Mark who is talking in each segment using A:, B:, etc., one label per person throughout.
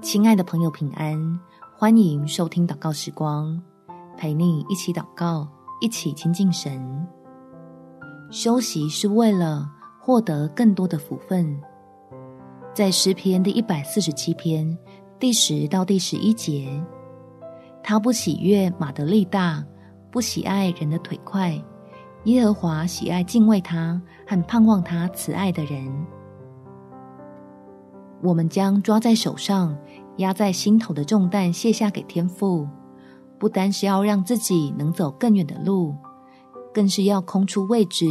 A: 親愛的朋友，平安！歡迎收聽禱告時光，陪你一起禱告，一起親近神。休息是為了獲得更多的福份。在詩篇第一百四十七篇第十到第十一節，他不喜悅馬的力大，不喜愛人的腿快。耶和華喜愛敬畏他和盼望他慈愛的人。我們將抓在手上、壓在心頭的重擔卸下給天父，不單是要讓自己能走更遠的路，更是要空出位置，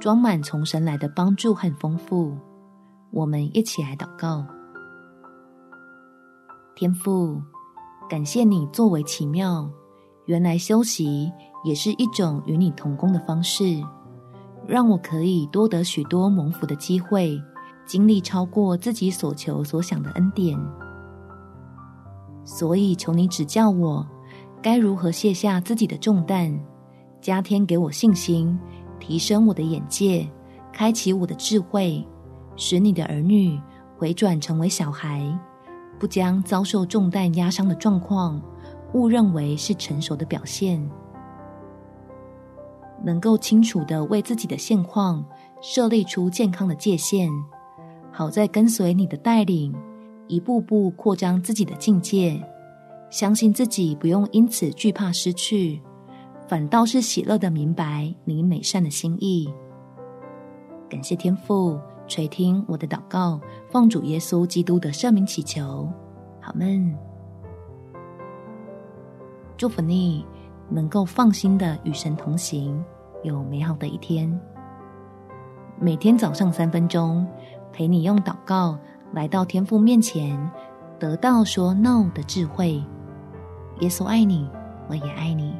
A: 裝滿從神來的幫助和豐富。我們一起來禱告：天父，感謝你作為奇妙，原來休息也是一種與你同工的方式，讓我可以多得許多蒙福的機會，經歷超過自己所求所想的恩典。所以，求你指教我，該如何卸下自己的重擔，加添給我信心，提升我的眼界，開啟我的智慧，使你的兒女回轉成為小孩，不將遭受重擔壓傷的狀況誤認為是成熟的表現，能夠清楚的為自己的現況設立出健康的界線。好再跟隨你的帶領，一步步擴張自己的境界，相信自己不用因此懼怕失去，反倒是喜樂的明白你美善的心意。感謝天父垂聽我的禱告，奉主耶穌基督的聖名祈求，阿們。祝福你能夠放心的與神同行，有美好的一天。每天早上三分鐘，陪你用禱告。來到天父面前，得到說 “no” 的智慧。耶穌愛你，我也愛你。